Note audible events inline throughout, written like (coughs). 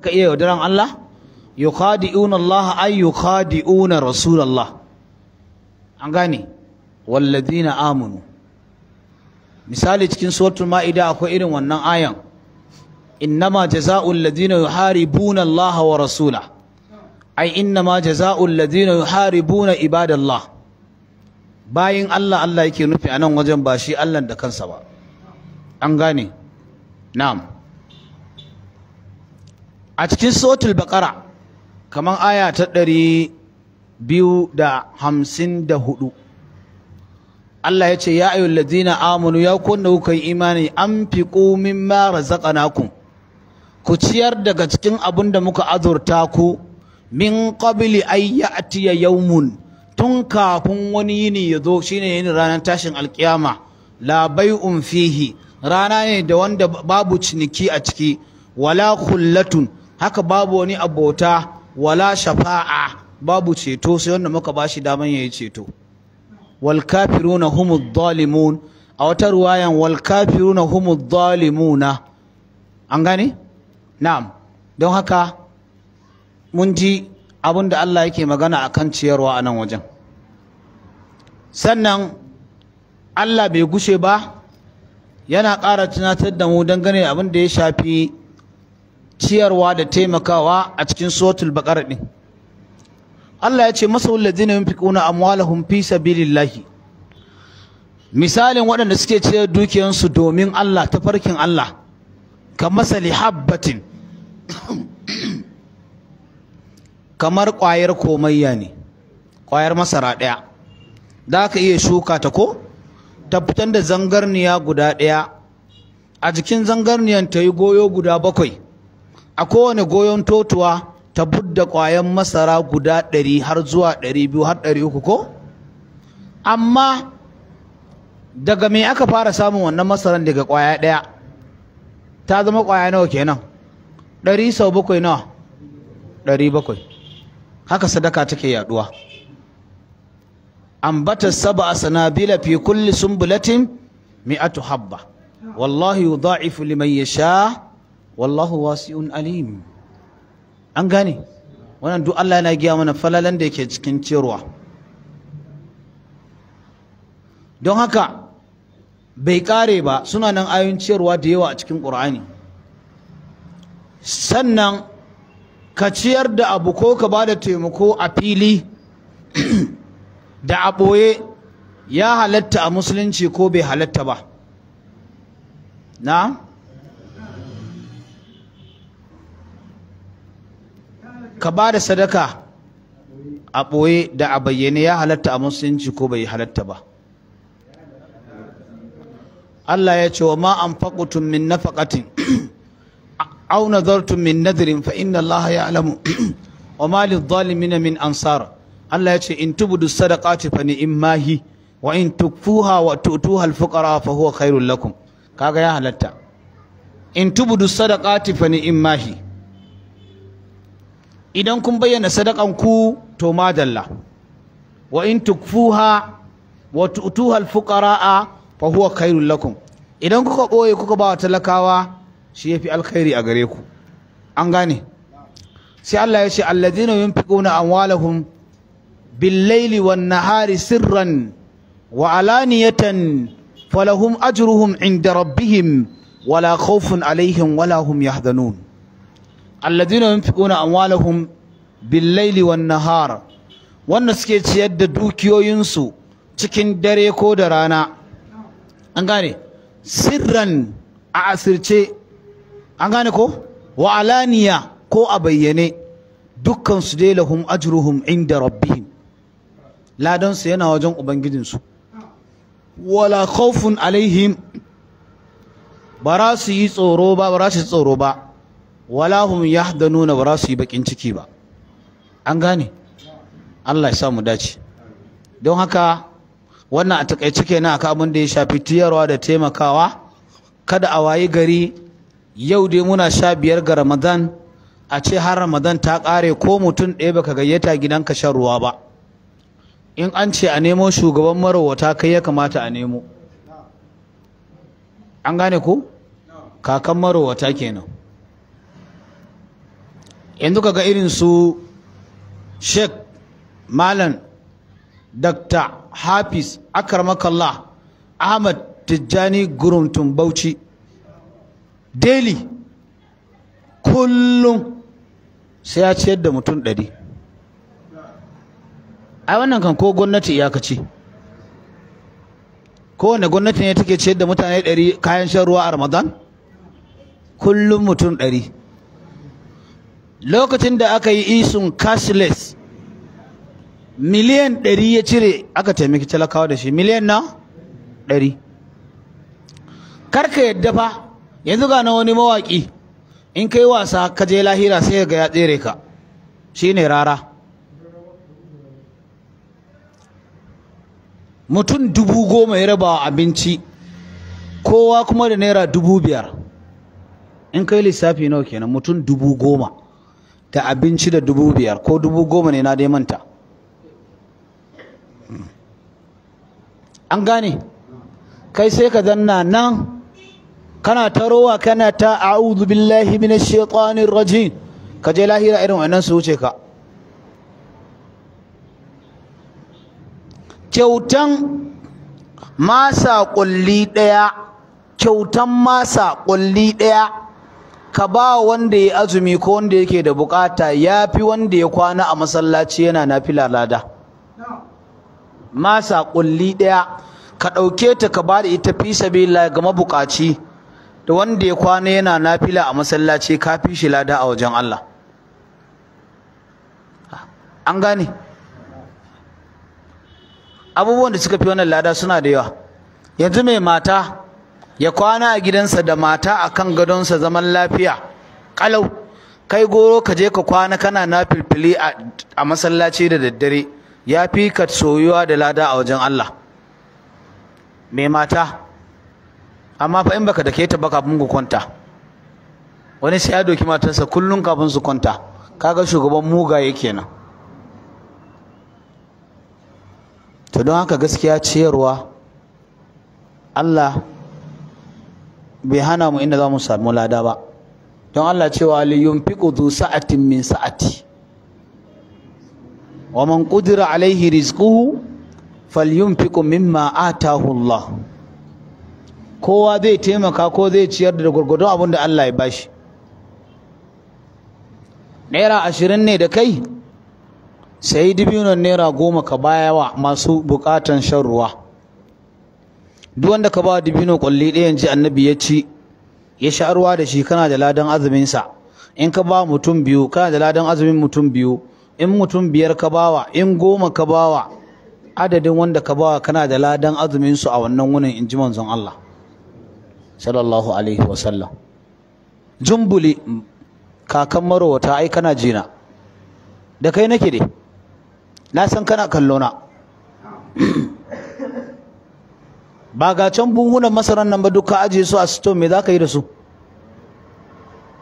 ka iya yaudaran Allah yukhadi'una Allah ay yukhadi'una rasulullah an gane walladina amanu misali cikin suratul ma'ida akwai irin wannan ayan innama jazaa'ul ladina yuharibuna Allah wa innama ladina yuharibuna ibadallah bayin Allah Allah yake nufi anan wajen ba shi Allah da kansa ba an gane na'am a cikin sotul baƙara kamar aya ta ɗari biyu da hamsin da hudu Allah ya ce ya ayyul ladina amanu ya kunna kuka yi imani an fi ƙumin mara zaƙana ku Ku ciyar daga cikin abin da muka azurta ku min ƙabili ya yau yawmun tun kafin wani yini ya zo shine yin ranar tashin alƙiyama. Labai unfihi rana ne da wanda babu ciniki a ciki wala kullatun haka babu wani abota wala shafa'a babu ceto sai wanda muka bashi daman yi ceto wal kafiruna humu dhalimun a wata ruwayan wal kafiruna humu dhalimuna an gani? na'am don haka mun ji abin da Allah yake magana akan ciyarwa a nan wajen sannan Allah bai gushe ba yana ƙara tunatar da mu dangane abin da ya shafi ciyarwa da taimakawa a cikin suratul baqara din Allah ya ce masa ladina yunfiquna amwalahum fi sabilillahi misalin waɗanda suke ciyar dukiyansu domin Allah ta farkin Allah ka masali habbatin kamar ƙwayar komayya ne ƙwayar masara ɗaya da ka iya shuka ta ko ta fitar da zangarniya guda ɗaya a jikin zangarniyan ta yi goyo guda bakwai a kowane goyon totuwa ta budda ƙwayan masara guda ɗari har zuwa ɗari biyu har ɗari uku ko amma daga me aka fara samun wannan masaran daga ƙwaya ɗaya ta zama ƙwaya nawa kenan ɗari sau bakwai nawa ɗari bakwai haka sadaka take yaɗuwa ambata saba a sanabila fi kulli sumbulatin mi'atu habba والله يضاعف لمن sha. wallahu wasi'un alim an gane wannan duk Allah yana giya mana falalan da yake cikin ciyarwa don haka bai kare ba suna nan ayoyin ciyarwa da yawa a cikin ƙur'ani sannan ka ciyar da abu ko ka bada taimako a fili (clears throat) da a ɓoye ya halatta a musulunci ko bai halatta ba na? ka ba da sadaka a ɓoye da a bayyane ya halatta a musulunci ko bai halatta ba Allah ya ce wa ma anfaqtum min nafaqatin (clears throat) aw nadartum min nadrin fa inna Allah ya'lamu (clears throat) wa ma lidh-dhalimin min ansar Allah ya ce in tubudu sadaqati fa ni'mahi wa in tukfuha wa tu'tuha al-fuqara fa huwa khairul lakum kaga ya halatta in tubudu sadaqati fa ni'mahi idan kun bayyana sadakanku to madalla wa in tukfuha wa tu'tuha al-fuqara'a fa huwa khairul lakum idan kuka ɓoye kuka ba wa talakawa shi yafi alkhairi a gare ku an gane sai Allah ya ce alladhina yunfiquna amwalahum bil-laili wan-nahari sirran wa alaniyatan falahum ajruhum 'inda rabbihim wala khawfun alaihim wala hum yahzanun alladina yunfiquna amwalahum hun billaili wan-nahar wanda suke ciyar da dukiyoyinsu cikin dare ko da rana an gane sirran a asirce an gane ko wa alaniya ko a bayyane dukkan su dai lahum ajruhum inda rabbihim ladan yana wajen ubangijinsu wala khawfun alaihim ba su yi tsoro ba ba su tsoro ba wala hum yahdanuna ba za su yi bakin ciki ba an gane Allah ya sa mu dace don haka wannan a takaice kenan akan abin da ya shafi tiyarwa da taimakawa kada a wayi gari yau dai muna sha biyar ga Ramadan a ce har Ramadan ta kare ko mutum ɗaya baka gayyata gidanka shan ruwa ba in an ce a nemo shugaban marawata kai ya kamata a nemo an gane ku kakan marawata kenan yanzu kaga irin su sheik malam dr hafiz akarmakallah ahmad tijjani gurumtun bauchi daily kullum sai ya ciyar da mutum ɗari ai wannan kan ko gwamnati iyakaci kowane gwamnati ne take ciyar da mutane ɗari kayan shan ruwa a ramadan kullum mutum ɗari lokacin da aka yi isun cashless miliyan ɗari ya cire aka taimaki talakawa da shi miliyan na ɗari karka yadda fa yanzu ga na wani mawaki in kai wasa ka je lahira sai ga ya tsere ka shine rara mutum dubu goma ya raba abinci kowa kuma da naira dubu biyar in kai lissafi nawa kenan mutum dubu goma da abinci da dubu biyar ko dubu goma ne na dai manta an gane kai sai ka zanna nan kana ta rowa kana ta a'udhu billahi minash shaitanir rajim ka je lahira irin wannan su wuce ka kyautan masa kulli daya kyautan masa kulli daya ka ba wanda ya azumi ko wanda yake da bukata ya fi wanda ya kwana a masallaci yana nafila lada masa kulli ɗaya ka ɗauke ta ka ba da ita fi sabila ga mabukaci da wanda ya kwana yana nafila a masallaci ka fi shi lada a wajen Allah an gane abubuwan da suka fi wannan lada suna da yawa yanzu mai mata ya kwana a gidansa da mata a kan gadonsa zaman lafiya kala'u, kai goro ka je ka kwana kana na filfili a masallaci da daddare ya fi ka soyuwa da lada a wajen Allah mai mata amma fa in baka dake ta ba kafin ku kwanta wani sai ya doki matarsa kullum kafin su kwanta kaga shugaban mugaye kenan to don haka gaskiya ciyarwa Allah bai hana mu inda za mu samu lada ba don Allah cewa liyun yunfiqu dhu sa'atin min sa'ati wa man kudura alaihi rizquhu falyunfiqu mimma atahu Allah kowa zai taimaka ko zai ciyar da gurgurdun abin da Allah ya bashi naira ashirin ne da kai sai dubinon naira goma ka baya wa masu bukatan shan ruwa duk wanda ka ba dibino kulli ɗaya ji annabi ya ci ya sha ruwa da shi kana da ladan azumin sa in ka ba mutum biyu kana da ladan azumin mutum biyu in mutum biyar ka bawa in goma ka bawa adadin wanda ka bawa kana da ladan azumin su a wannan wunin in ji manzon Allah sallallahu alaihi wa sallam. jumbuli kakan marowata ai kana jina da kai nake dai na san kana kallona ba ga can buhunan masaran nan ba duk ka ajiye su a sito me za ka yi da su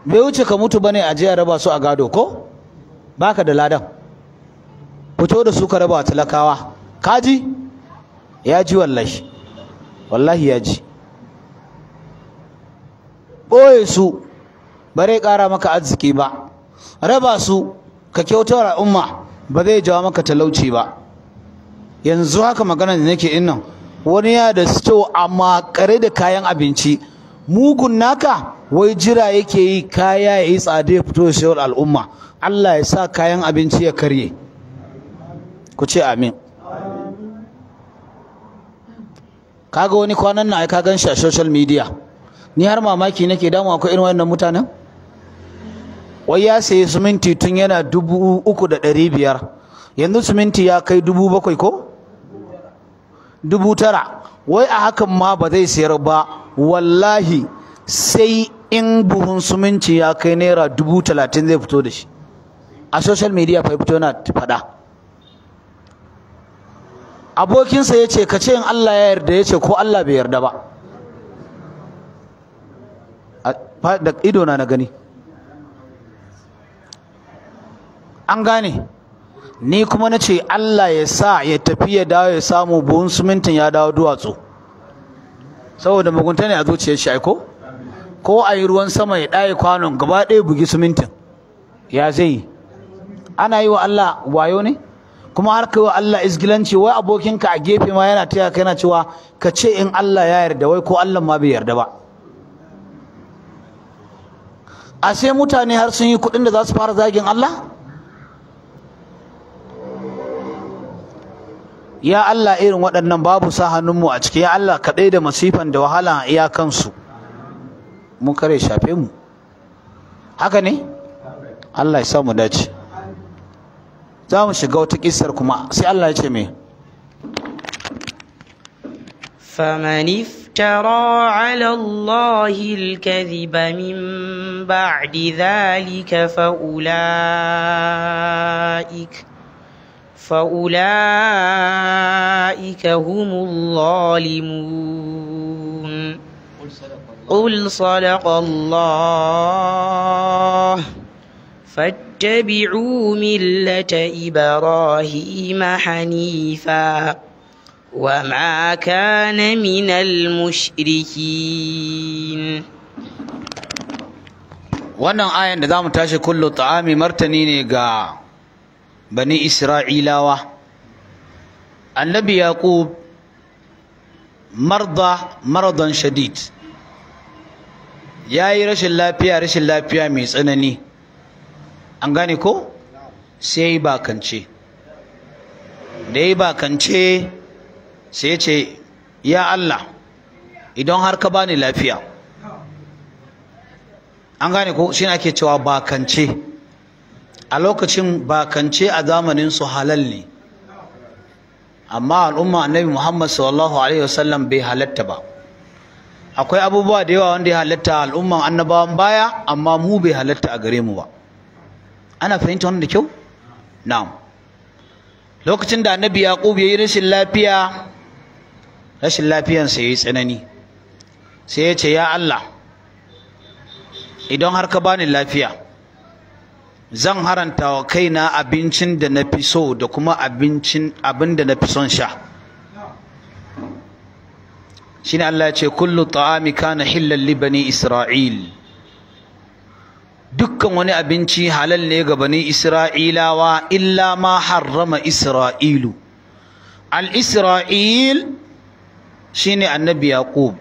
bai wuce ka mutu bane a je a raba su a gado ko baka da ladan fito da su ka raba talakawa kaji ya ji wallahi wallahi ya ji ɓoye su ba zai ƙara maka arziki ba raba su ka kyautar umma ba zai jawo maka talauci ba yanzu haka magana da nake innan. wani ya da sito amma kare da kayan abinci mugun naka wai jira yake yi kaya ya yi tsada ya fito shawar al'umma Allah ya sa kayan abinci ya karye ku ce amin kaga wani kwanan na aika gan shi a social media ni har mamaki nake damu akwai irin wannan mutanen wai ya sayi suminti tun yana dubu uku da ɗari biyar yanzu suminti ya kai dubu bakwai ko dubu tara wai a hakan ma ba zai sayar ba wallahi sai in buhun suminci ya kai naira dubu talatin zai fito da shi a social media fa fito na faɗa abokinsa ya ce ka ce in Allah ya yarda ya ce ko Allah bai yarda ba da idona na gani an gane ni kuma na ce Allah ya sa ya tafi ya dawo ya samu buhun sumintin ya dawo duwatsu saboda mugunta ne a zuciyar shi ko ko a yi ruwan sama ya ɗaya kwanon gaba ɗaya bugi sumintin. ya zai yi ana yi wa Allah wayo ne kuma har kai wa Allah izgilanci wai abokinka a gefe ma yana taya ka yana cewa ka ce in Allah ya yarda wai ko Allah ma bai yarda ba a sai mutane har sun yi kuɗin da za su fara zagin Allah ya Allah irin waɗannan babu sa hannunmu a ciki ya Allah kaɗai da masifan da wahala a iyakansu mun kare shafe mu haka ne Allah ya samu dace za mu shiga wata ƙisar kuma sai Allah ya ce me فمن افترى على الله الكذب من بعد ذلك فأولئك فأولئك هم الظالمون قل صدق الله فاتبعوا ملة إبراهيم حنيفا وما كان من المشركين wannan ayan da za mu tashi kullu ta'ami martani ne ga bani isra'ilawa annabi yaqub marda maradan shadid yayi rashin lafiya rashin lafiya mai tsanani an gane ko sai yayi bakance da yi bakance sai ya ce ya Allah idan har ka bani lafiya an gane ko shine ake cewa bakance a lokacin bakance a zamanin su halal ne amma al'umma annabi Muhammad sallallahu alaihi wasallam bai halatta ba akwai abubuwa da yawa wanda ya halatta al'umman annabawan baya amma mu bai halatta a gare mu ba ana fahimta wannan da kyau na'am lokacin da annabi yaqub yayi rashin lafiya rashin lafiyan sa yayi tsanani sai ya ce ya Allah idan har ka bani lafiya zan haranta wa kaina abincin da na fi so da kuma abincin abin da na fi son sha Shin Allah ya ce kullu ta'ami kana hillan li bani isra'il dukkan wani abinci halal ne ga bani isra'ilawa illa ma harrama isra'ilu al isra'il ne annabi yaqub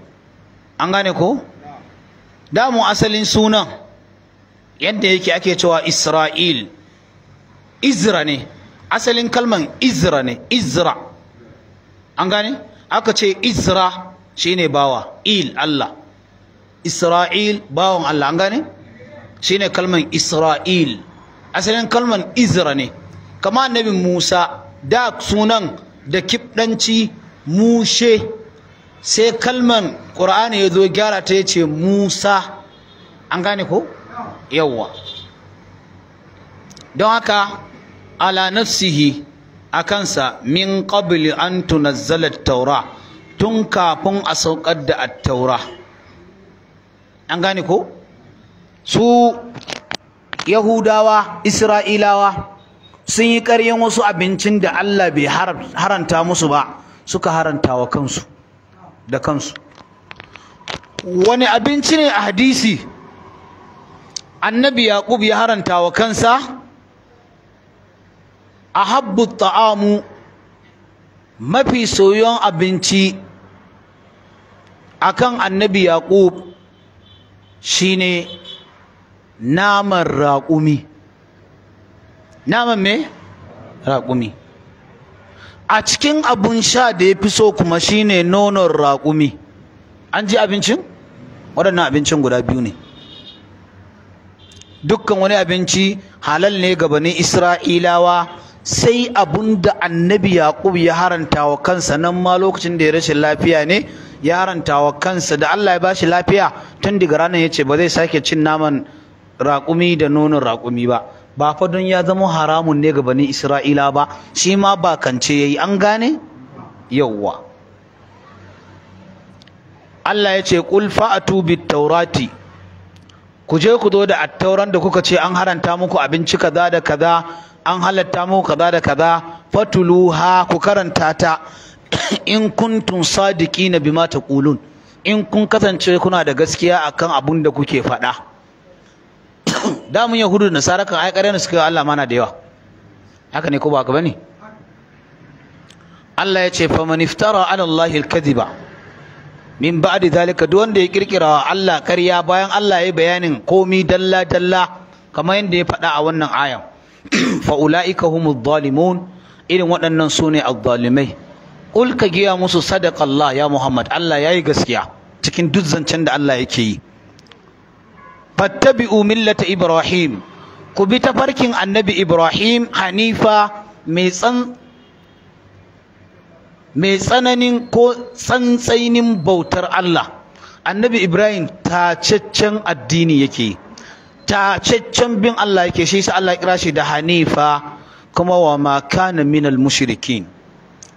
an gane ko da mu asalin sunan yadda yake ake cewa Isra'il Izra ne asalin kalman Izra ne Izra an gane aka ce Izra shine bawa il Allah Isra'il bawan Allah an gane shine kalman Isra'il asalin kalman Izra ne kama annabi Musa da sunan da kibdanci mushe sai kalman ƙur'ani ya zo gyara ta ya ce musa an gane ko yawwa don haka ala nafsihi a kansa min qabli an tunazzala taura tun kafin a saukar da taura an gane ko su yahudawa isra'ilawa sun yi ƙaryen wasu abincin da allah bai haranta musu ba suka haranta wa kansu da kansu wani abinci ne a hadisi annabi yaqub ya haranta wa kansa ahabbu ta'amu mafi soyon abinci akan annabi yaqub shine naman raƙumi naman me raƙumi a cikin abun sha da ya fi so kuma shine nonon raƙumi an ji abincin waɗannan abincin guda biyu ne dukkan wani abinci halal ne ga bani isra'ilawa sai abun da annabi yaqub ya haranta wa kansa nan ma lokacin da ya rashin lafiya ne ya haranta wa kansa da Allah ya bashi lafiya tun daga ranar ya ce ba zai sake cin naman raƙumi da nonon raƙumi ba ba fa ya zama haramun ne ga bani isra'ila ba shi ma ba kance yi an gane yawwa Allah ya ce ƙulfa a tubi taurati ku je ku zo da attauran da kuka ce an haranta muku abinci kaza da kaza an halatta muku kaza da kaza fatuluha ku karanta ta (coughs) in kuntum sadiqina bima taqulun in kun kasance kuna da gaskiya akan abun da kuke faɗa (coughs) da mun yahudu da nasara kan aikare ne suka Allah mana da yawa haka ne ko ba ka bane Allah ya ce faman iftara ala Allah kadhiba min ba da zalika duk wanda ya kirkira wa Allah ƙarya bayan Allah ya yi bayanin komi dalla dalla kamar yadda ya faɗa a wannan ayan (clears throat) fa ulaika zalimun irin waɗannan sune azzalimai ƙul ka giya musu sadaqallah ya Muhammad Allah ya yi gaskiya cikin duk zancen da Allah yake yi fattabi'u millata ibrahim ku bi tafarkin annabi ibrahim hanifa mai tsan mai tsananin ko tsantsainin bautar Allah annabi Ibrahim tacaccen addini yake tacaccen bin Allah yake shi sa Allah kira shi da Hanifa kuma wa ma kana minal mushrikin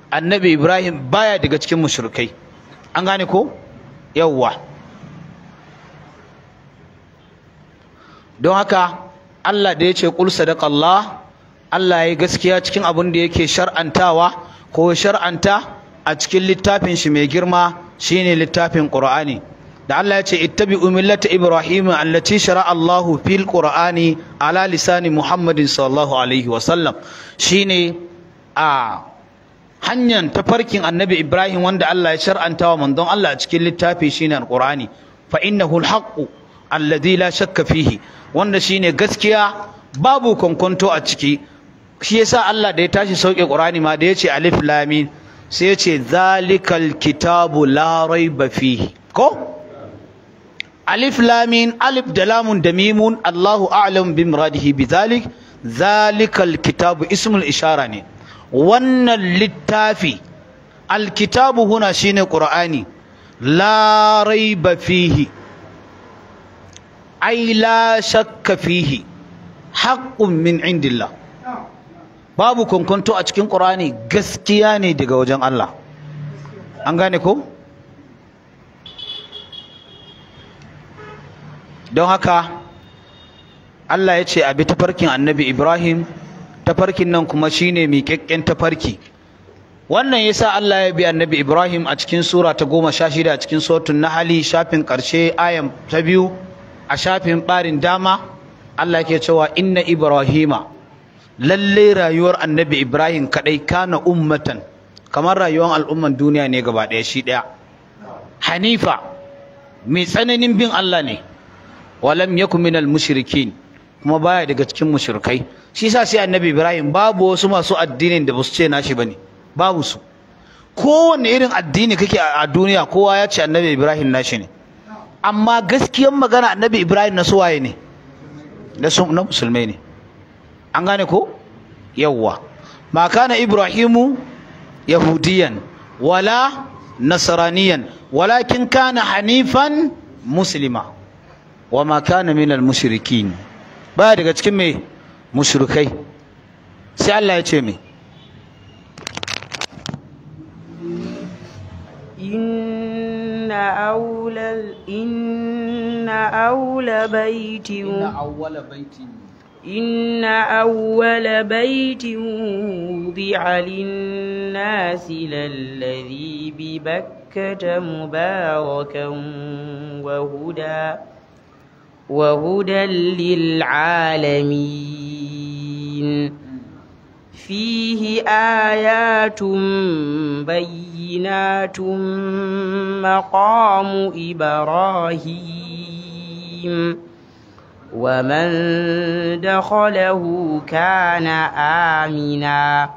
annabi Ibrahim baya daga cikin mushrikai an gane ko yawwa don haka Allah da ya ce kul sadaqallah Allah ya gaskiya cikin abin da yake shar'antawa ko shar'anta a cikin littafin shi mai girma shine littafin Qur'ani da Allah ya ce ittabi'u millata ibrahim allati shara'a Allahu fil Qur'ani ala lisani Muhammadin sallallahu alaihi wa sallam shine a hanyar tafarkin annabi Ibrahim wanda Allah ya shar'anta wa manzon Allah a cikin littafi shine Qur'ani fa innahu al-haqqu alladhi la shakka fihi wanda shine gaskiya babu konkonto a ciki shi yasa Allah da ya tashi sauke Qur'ani ma da yace alif lam sai yace zalikal kitabu la raiba fihi ko alif Lamin, alif da lamun da mimun Allahu a'lamu bi muradihi bidhalik zalikal kitabu ismul ishara ne wannan littafi alkitabu huna shine qur'ani la raiba fihi ai la shakka fihi haqqun min indillah babu kunkuntu a cikin ƙur'ani gaskiya ne daga wajen Allah an gane ko don haka Allah ya ce abi tafarkin annabi Ibrahim tafarkin nan kuma shi shine miƙaƙƙen tafarki wannan ya sa Allah ya bi annabi Ibrahim a cikin sura ta goma sha shida a cikin na hali shafin ƙarshe ayan ta biyu a shafin ɓarin dama Allah yake cewa inna Ibrahima Lallai rayuwar annabi ibrahim kadai kana ummatan kamar rayuwar al'umman duniya ne gaba ɗaya shi ɗaya hanifa mai tsananin bin allah ne walam min al mushrikin kuma baya daga cikin mushrikai shi yasa sai annabi ibrahim babu wasu masu addinin da basu ce nashi bane babu su kowanne irin addini kake a duniya kowa ya ce annabi ibrahim nashi ne amma gaskiyar magana annabi ibrahim na suwaye ne na musulmai ne an gane ko yawwa ma kana ibrahimu yahudiyan wala nasraniyan walakin kana hanifan muslima wa ma kana minal mushrikin baya daga cikin me mushrikai sai Allah ya ce me إن أولى إن أولى بيت إن أول بيت إن أول بيت وضع للناس للذي ببكة مباركا وهدى وهدى للعالمين فيه آيات بينات مقام إبراهيم ومن دخله كان آمنا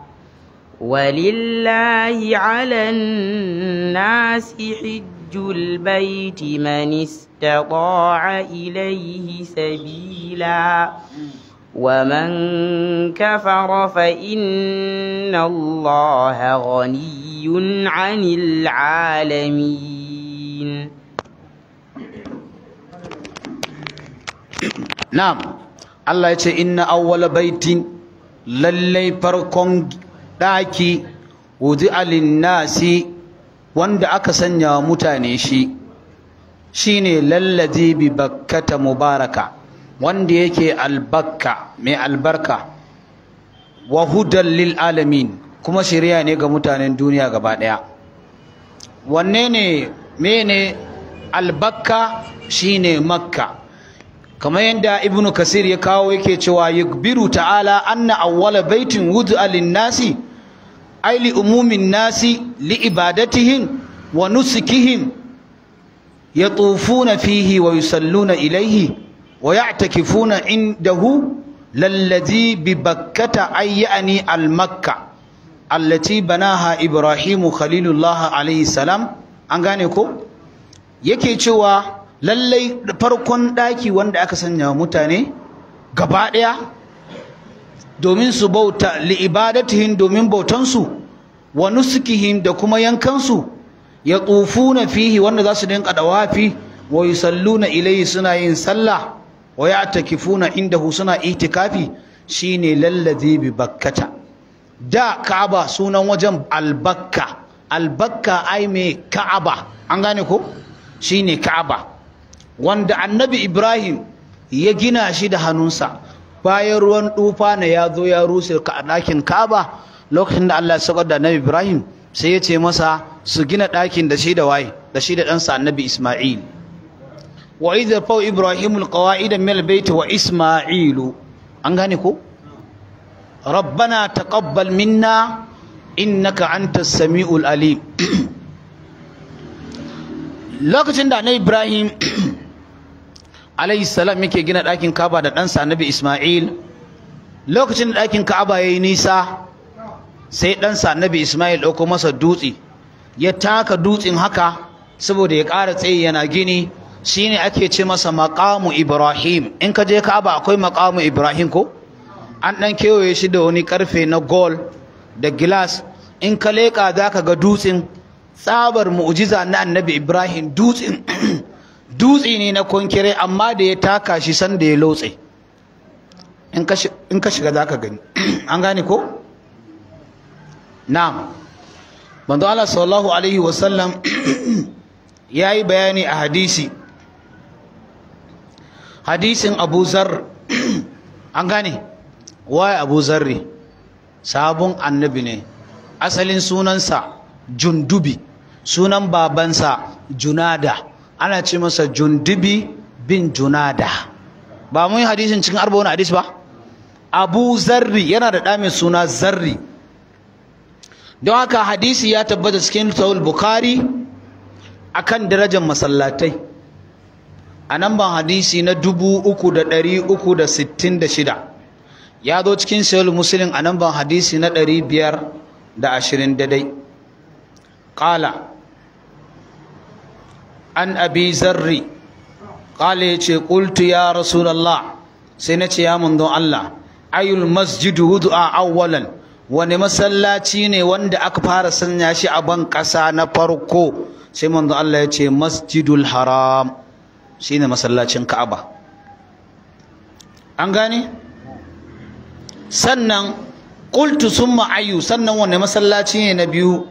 ولله على الناس حج البيت من استطاع إليه سبيلا ومن كفر فإن الله غني عن العالمين na'am Allah ya ce inna awwala baitin lallai farkon daki wudi'a al'innasi. wanda aka sanya mutane shi shine lallazi bi bakkata mubaraka wanda yake albakka mai albarka wa hudal lil alamin kuma shari'a ne ga mutanen duniya gaba daya wanne ne mene albakka shine makka kamar yadda ibn kasir ya kawo yake cewa yukbiru ta'ala anna awwala baitin wudu'a lin-nasi ay li umumin nasi li ibadatihim wa nusukihim yatufuna fihi wa yusalluna ilayhi wa ya'takifuna indahu lalladhi bi bakkata ay al-makka allati banaha ibrahimu khalilullah alayhi salam an gane ko yake cewa lallai farkon ɗaki wanda aka sanya wa mutane gaba ɗaya domin su bauta li'ibadatihin domin bautansu wa nusukihin da kuma yankansu ya tsufu na fihi wanda za su dinka dawafi wa na ilayi suna yin sallah wa na inda suna itikafi shine lallazi bi bakkata da ka'aba sunan wajen albakka albakka ai mai ka'aba an gane ko ne ka'aba wanda annabi ibrahim ya gina shi da hannunsa bayan ruwan tufa na ya zo ya rushe ka a ɗakin kaba lokacin da allah ya saukar da annabi ibrahim sai ya ce masa su gina ɗakin da shi da waye da shi da ɗansa annabi isma'il wa idza fau ibrahimul qawaida min albayt wa isma'ilu an gane ko rabbana taqabbal minna innaka antas samiul alim (clears throat) lokacin da annabi ibrahim (clears throat) alayhi salam yake gina ɗakin kaba da ɗansa annabi isma'il lokacin da ɗakin kaba ya yi nisa sai ɗansa annabi isma'il ɗauko masa dutse ya taka dutsen haka saboda ya ƙara tsaye yana gini shine ake ce masa maqamu ibrahim in ka je kaba akwai maqamu ibrahim ko an ɗan kewaye shi da wani karfe na gol da gilas in ka leƙa za ka ga dutsen tsabar mu'jiza na annabi ibrahim dutsen (clears throat) dutse ne na konkire amma da ya taka shi sanda ya lotse in ka shiga za ka gani (clears throat) an gane ko na'am manzo Allah sallallahu alaihi wasallam (clears throat) ya yi bayani a hadisi hadisin abu zar (clears throat) an gane waye abu zarri sabon annabi ne asalin sunansa jundubi sunan babansa junada ana ce masa jundibi bin junada ba mun yi hadisin cikin arba wani hadis ba abu zarri yana da ɗa suna zarri don haka hadisi ya tabbata cikin tawul bukari akan darajar masallatai a nan ban hadisi na dubu uku da ɗari uku da sittin da shida ya zo cikin sayar musulun a nan ban hadisi na ɗari biyar da ashirin da dai ƙala an abi zarri ya yace ƙultu ya rasulullah sai na ce ya mundun Allah ayul masjidu a awwalan wani masallaci ne wanda aka fara sanya shi a ban ƙasa na farko sai mundun Allah ya ce masjidul haram ne masallacin Ka'aba an gane sannan ƙultu sun ayu sannan wani masallaci ne na biyu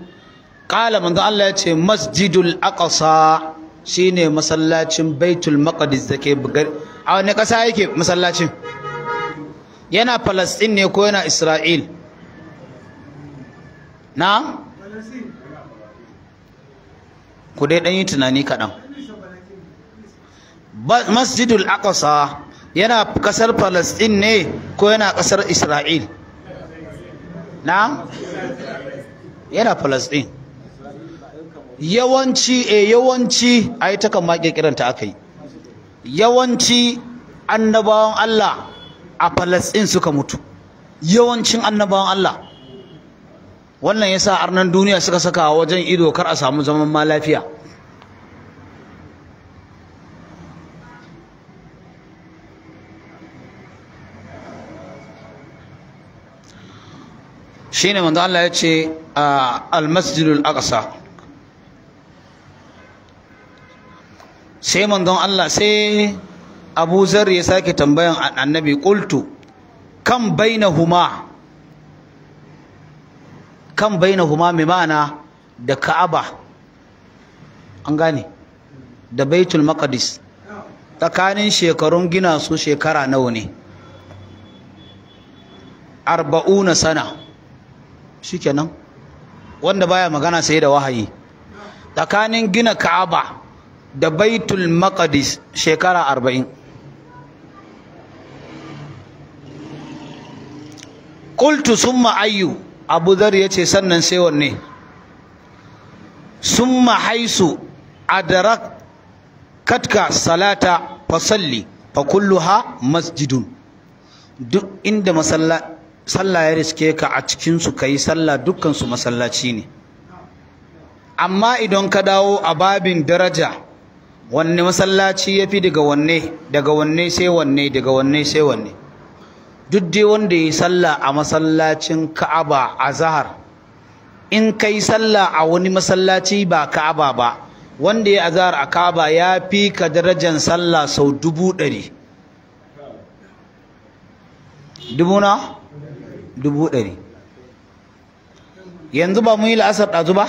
Ƙala mundun Allah ya ce masjidul aqsa shine masallacin baitul maqdis da ke a wani ƙasa yake masallacin yana Falasɗin ne ko yana isra'il na ku dai ɗan yi tunani kaɗan masjidul aqsa yana ƙasar Falasɗin ne ko yana ƙasar isra'il na yana Falasɗin. yawanci e yawanci a ta kan ma kiranta yi yawanci annabawan Allah a falasɗin suka mutu yawancin annabawan Allah wannan yasa arnan duniya suka saka wajen ido kar a samu zaman ma lafiya shine manzo Allah ya ce ah, al-masjidul aqsa sai manzon Allah sai Abu Zar ya sake tambayan annabi qultu kan bainahuma kam bainahuma mai ma'ana da Ka'aba an gane da Baitul Maqdis tsakanin shekarun gina su shekara nawa ne arba'una sana shikenan wanda baya magana sai da wahayi tsakanin gina Ka'aba da baitul maqdis shekara arba'in Kultu summa ayyu abu ya ce sannan sai wanne summa a adarak katka salata fasalli fa kulluha masjidun duk inda masalla sallah ya riske ka a cikinsu ka yi sallah dukkansu masallaci ne amma idan ka dawo a babin daraja wanne masallaci ya fi daga wanne daga wanne sai wanne daga wanne sai wanne duk dai wanda ya yi sallah a masallacin ka'aba a zahar in ka yi sallah a wani masallaci ba ka'aba ba wanda ya azahar a ka'aba ya fi ka darajar sallah sau dubu ɗari dubu na dubu ɗari yanzu ba mu yi la'asar ɗazu ba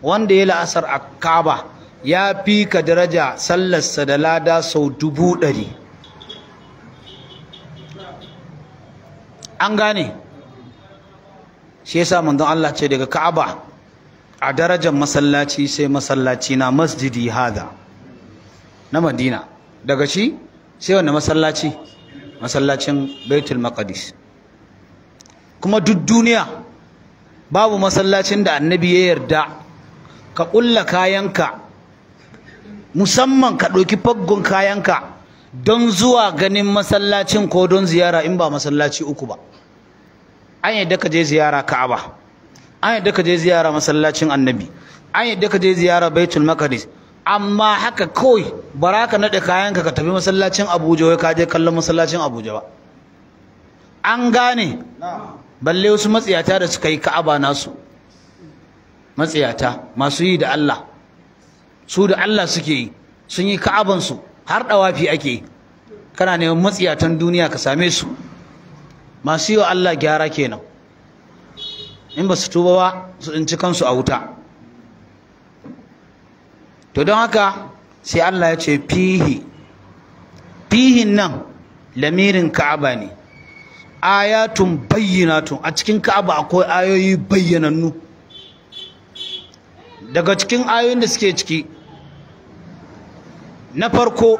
wanda ya la'asar a ka'aba ya fi ka daraja sallarsa da lada sau dubu ɗari an gane shi yasa manzon Allah ce daga Ka'aba a darajar masallaci sai masallaci na masjidi hada na Madina daga shi sai wanda masallaci masallacin Baitul Maqdis kuma duk duniya babu masallacin da annabi ya yarda ka ƙulla kayanka musamman ka ɗauki faggon kayanka don zuwa ganin masallacin ko don ziyara in ba masallaci uku ba an yadda ka je ziyara ka'aba an yadda ka je ziyara masallacin annabi an yadda ka je ziyara baitul maqdis amma haka kawai bara ka naɗe kayanka ka tafi masallacin abuja wai ka je kallon masallacin abuja ba an gane balle wasu matsiyata da suka yi ka'aba nasu matsiyata masu yi da allah su da Allah suke yi sun yi ka'abansu har ɗawafi ake kana neman matsiyatan duniya ka same su masu yi wa Allah gyara kenan in ba su tuba ba su tsinci kansu a wuta to don haka sai Allah ya ce fihi fihin nan lamirin ka'aba ne ayatun bayyanatun a cikin ka'aba akwai ayoyi bayyanannu daga cikin ayoyin da suke ciki na farko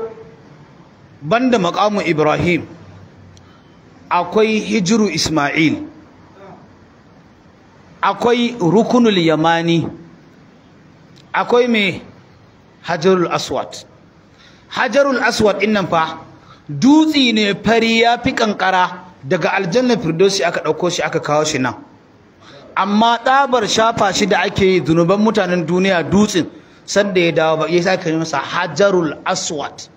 banda makamu ibrahim akwai hijiru ismail akwai rukunul yamani akwai mai hajarul aswad hajarul aswad nan fa dutsi ne fari ya fi kankara daga aljanna firdosi aka ɗauko shi aka kawo shi nan amma tsabar shafa shi da ake yi zunuban mutanen duniya dutsen sanda ya dawo ya sake masa hajarul Aswat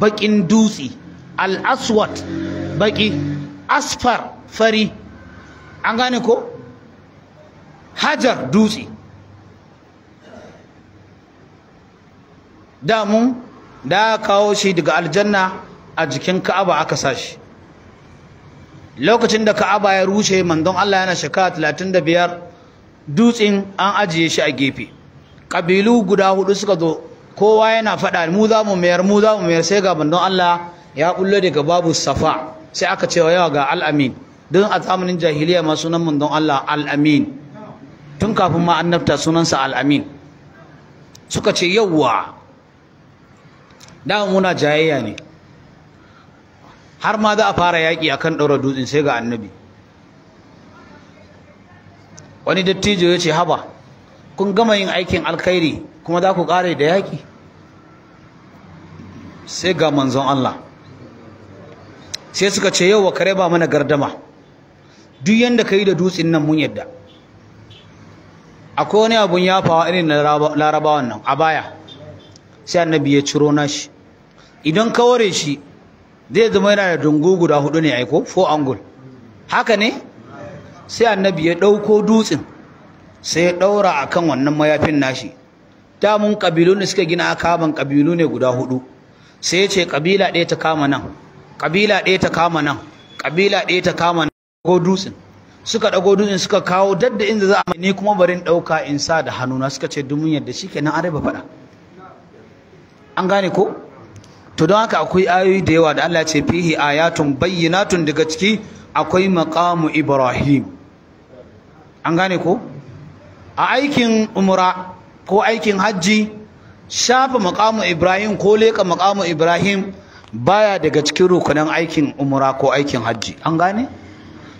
bakin dutse al Aswat baki asfar fari an gane ko hajar dutse damun da kawo shi daga aljanna a jikin ka'aba aka sashi lokacin da ka'aba ya rushe manzon Allah yana shekara 35 dutsin an ajiye shi a gefe Kabilu guda hudu suka zo kowa yana faɗa mu za mu mayar mu za mu mayar sai ga bandon Allah ya bullo daga babu safa sai aka ce yawa ga al'amin don a zamanin jahiliya ma sunan bandon Allah al'amin tun kafin ma annabta sunansa al'amin suka ce yawwa dama muna jayayya ne har ma za a fara yaki akan ɗaura dutsen sai ga annabi wani dattijo ya ce haba kun gama yin aikin alkhairi kuma za ku kare da yaki sai ga manzon Allah sai suka ce yau wa kare ba mana gardama duk yanda kai da dutsin nan mun yadda akwai wani abun ya fawa irin na larabawan nan a baya sai annabi ya ciro nashi idan ka ware shi zai zama yana da dungu guda hudu ne aiko four angul haka ne sai annabi ya ɗauko dutsin sai ya ɗaura a kan wannan mayafin nashi mun ƙabilu ne suka gina kaban ƙabilu ne guda hudu sai ya ce ƙabila ɗaya ta kama nan ƙabila ɗaya ta kama nan ƙabila ɗaya ta kama nan ko dutsen suka ɗago dutsen suka kawo dadda inda za a ni kuma barin ɗauka in sa da hannuna suka ce dumin yadda shi kenan an raba faɗa an gane ko to don haka akwai ayoyi da yawa da Allah ce fihi ayatun bayyinatun daga ciki akwai maqamu ibrahim an gane ko a aikin umura ko aikin hajji shafa makamu ibrahim ko leka makamu ibrahim baya daga cikin rukunan aikin umura ko aikin hajji an gane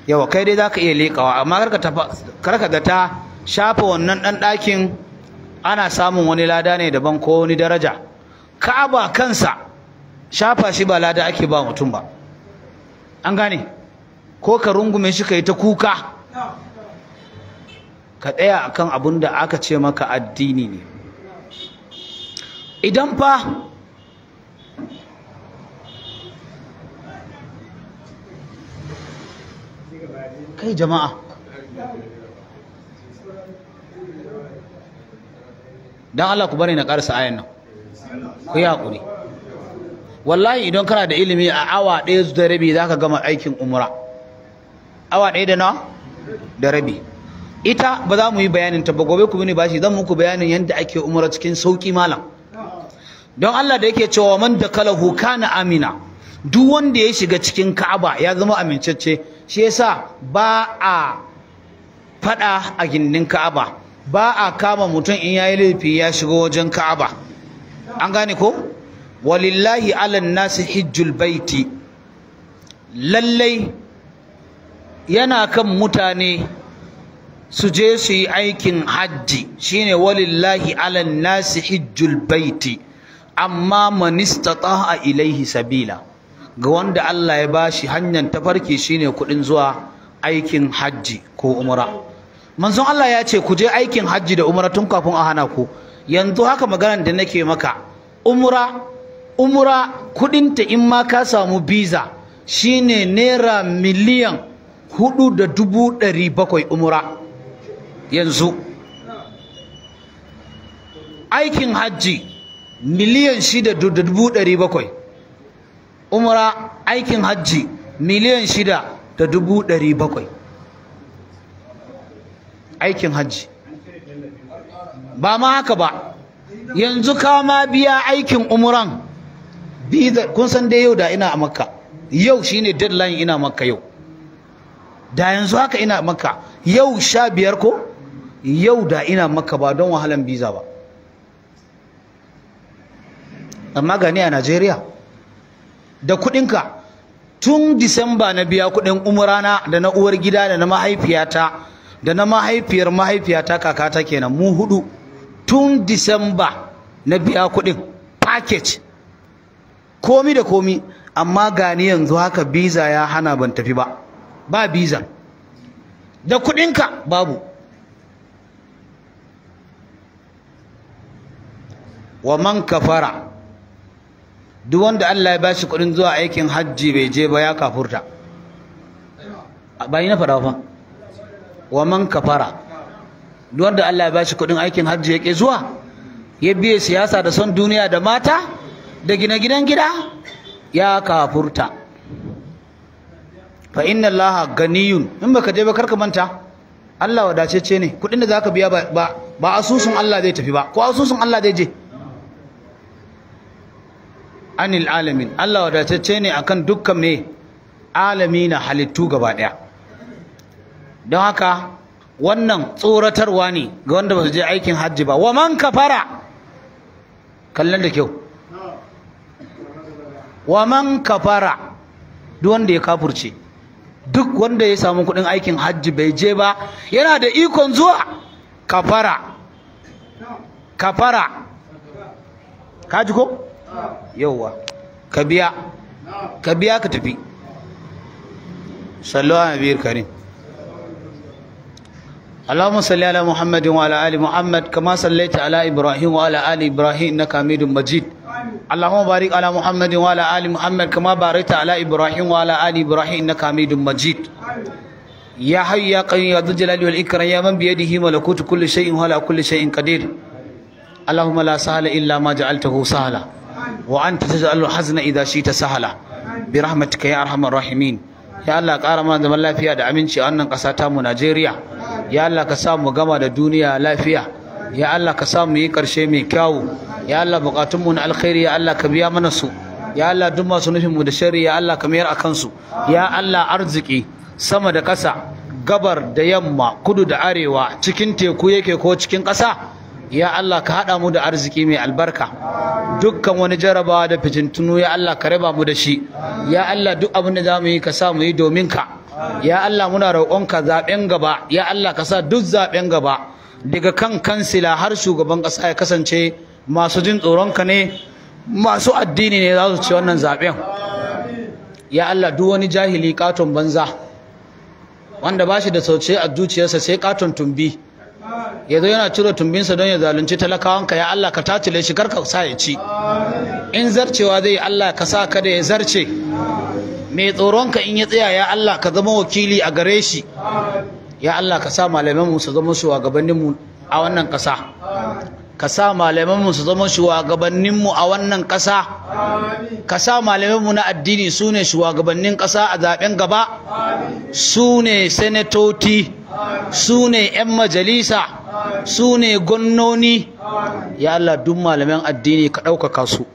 yawa kai dai zaka iya lekawa amma karka ga ta shafa wannan dan ɗakin ana samun wani lada ne daban ko wani daraja ka'aba kansa shafa shi ba lada ake ba mutum ba an gane ko ka rungume shi ka yi ta kuka ka tsaya akan abin da aka ce maka addini ne idan fa kai jama'a don Allah ku bari na ƙarsa ayan nan ku yi haƙuri wallahi idan kana da ilimi a awa ɗaya da rabi za ka gama aikin umra awa ɗaya da na da rabi ita ba za mu yi bayanin ta ba gobe ku bini bashi zan muku bayanin yadda ake umra cikin sauki malam don Allah da yake cewa man da kalahu kana amina duk wanda ya shiga cikin Ka'aba ya zama amincacce shi yasa ba a fada a gindin Ka'aba ba a kama mutum in yayi laifi ya shiga wajen Ka'aba an gane ko walillahi ala nasi hijjul baiti lallai yana kan mutane su je su yi aikin hajji shine walillahi alan nasi hijjul baiti amma ta a ilaihi sabila ga wanda Allah ya bashi hanyar tafarki shine kudin zuwa aikin hajji ko umra manzon Allah ya ce ku je aikin hajji da umra tun kafin a hana ku yanzu haka maganar da nake maka umra umra ta in ma ka samu biza shine naira miliyan hudu da dubu ɗari bakwai umra yanzu aikin hajji miliyan shida da dubu ɗari bakwai umra aikin hajji miliyan shida da dubu ɗari bakwai aikin hajji ba ma haka ba yanzu kama biya aikin umran kun san dai yau da ina a makka yau shine deadline ina makka yau da yanzu haka ina makka yau sha biyar ko yau da ina maka ba don wahalan biza ba amma gani a najeriya da kudinka tun disamba na biya kudin umurana da na uwar gida da na mahaifiyata da na mahaifiyar mahaifiyata kakata kenan mu hudu tun disamba na biya kudin package komi da komi amma gani yanzu haka biza ya hana ban tafi ba ba biza da kudinka babu wa man kafara duk wanda Allah ya bashi kuɗin zuwa aikin hajji bai je ba ya kafurta ba yi na faɗa fa wa man kafara duk wanda Allah ya bashi kuɗin aikin hajji yake zuwa ya biye siyasa da son duniya da mata da gine-ginen gida ya kafurta fa inna Allah ganiyun in baka je ba karka manta Allah ce ne kuɗin da zaka biya ba ba asusun Allah zai tafi ba ko asusun Allah zai je anil alamin Allah wadatacce ne akan dukkan mai alami na halittu gaba daya don haka wannan tsoratarwa ne ga wanda ba su je aikin hajji ba wa man kafara kallon da kyau wa man kafara duk wanda ya kafurce duk wanda ya samu kudin aikin hajji bai je ba yana da ikon zuwa kafara kafara kaji ko yauwa ka biya ka biya ka tafi sallu ala nabiyil karim اللهم صل على محمد وعلى ال محمد كما صليت على ابراهيم وعلى ال ابراهيم انك حميد مجيد اللهم بارك على محمد وعلى ال محمد كما باركت على ابراهيم وعلى ال ابراهيم انك حميد مجيد يا حي يا قيوم يا ذو الجلال والاكرام يا من بيده ملكوت كل شيء وعلى كل شيء قدير اللهم لا سهل الا ما جعلته سهلا وأنت تجعل الحزن إذا شئت سهلا برحمتك يا أرحم الراحمين ya Allah ƙara mana zaman lafiya da aminci a wannan ƙasa mu Najeriya ya Allah ka sa gama da duniya lafiya ya Allah ka sa mu ƙarshe mai kyawu ya Allah buƙatun mu na alkhairi ya Allah ka biya mana su ya Allah duk masu nufin mu da shari ya Allah ka mayar a kansu. ya Allah arziki sama da ƙasa gabar da yamma kudu da arewa cikin teku yake ko cikin ƙasa ya Allah ka haɗa mu da arziki mai albarka dukkan wani jarabawa da fitintunu ya Allah ka raba mu da shi ya Allah duk abin da za mu yi ka sa mu yi domin ka ya Allah muna roƙonka zaɓen gaba ya Allah ka sa duk zaben gaba daga kan kansila har shugaban ƙasa ya kasance masu jin tsoronka ne masu addini ne za su ci wannan zaben ya Allah duk wani jahili katon banza wanda ba shi da sauce a zuciyarsa sai katon tumbi ya zo yana cire tumbinsa don ya zalunci talakawanka ya Allah ka tatile shi karka sa ya ci in zarcewa zai yi Allah ka sa kada ya zarce mai tsoronka in ya tsaya ya Allah ka zama wakili a gare shi ya Allah ka sa malamai mu su zama mu a wannan ƙasa ka sa malamanmu su zama shugabanninmu a wannan ƙasa ka sa malamanmu na addini su ne shugabannin ƙasa a zaben gaba su ne senatoti su ne 'yan majalisa su ne gwannoni ya Allah duk malaman addini ka ɗaukaka su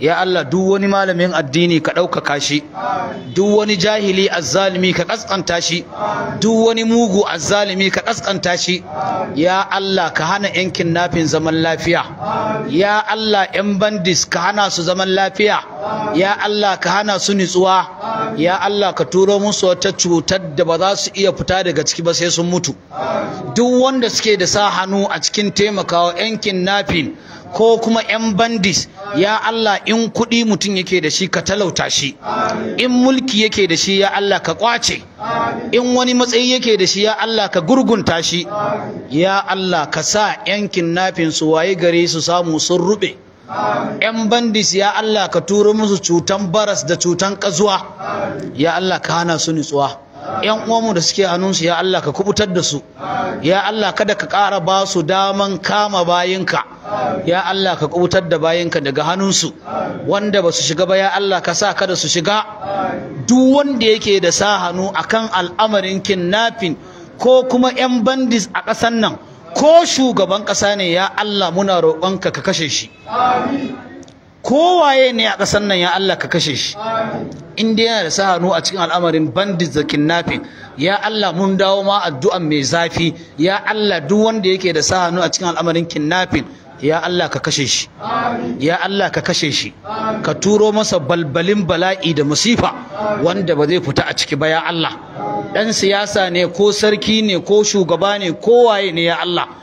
ya Allah duk wani malamin addini ka ɗaukaka shi duk wani jahili azzalimi ka ƙasƙanta shi duk wani mugu azzalimi ka ƙasƙanta shi ya Allah ka hana ƴan nafin zaman lafiya ya Allah yan bandis ka hana su zaman lafiya ya Allah ka hana su nutsuwa ya Allah ka turo musu wata cutar da ba za su iya fita daga ciki ba sai sun mutu duk wanda suke da sa hannu a cikin taimakawa ƴan nafin ko kuma 'yan bandis ya Allah in kuɗi mutum yake da shi ka talauta shi in mulki yake da shi ya Allah ka ƙwace in wani matsayi yake da shi ya Allah ka gurgunta shi ya Allah ka sa 'yan kinnafin su waye gare su samu sun ruɓe 'yan bandis ya Allah ka turo musu cutan baras da cutan ƙazuwa ya Allah ka hana su nutsuwa yan uwanmu da suke hannunsu ya Allah ka kubutar da su ya Allah kada ka ƙara ba su daman kama bayinka ya Allah ka kubutar da bayinka daga hannunsu wanda ba su shiga ba ya Allah ka sa kada su shiga duk wanda yake da sa hannu akan al'amarin kidnapping ko kuma yan bandits a ƙasar nan ko shugaban ƙasa ne ya Allah muna roƙonka ka kashe shi kowaye ne a ƙasar nan ya Allah ka kashe shi in yana da sahanu a cikin al'amarin bandit da kidnapping ya Allah mun dawo ma addu'an mai zafi ya Allah duk wanda yake da sahanu a cikin al'amarin kidnapping ya Allah ka kashe shi ya Allah ka kashe shi ka turo masa balbalin bala'i da musifa wanda ba zai fita a ciki ba ya Allah dan siyasa ne ko sarki ne ko shugaba ne ko ne ya Allah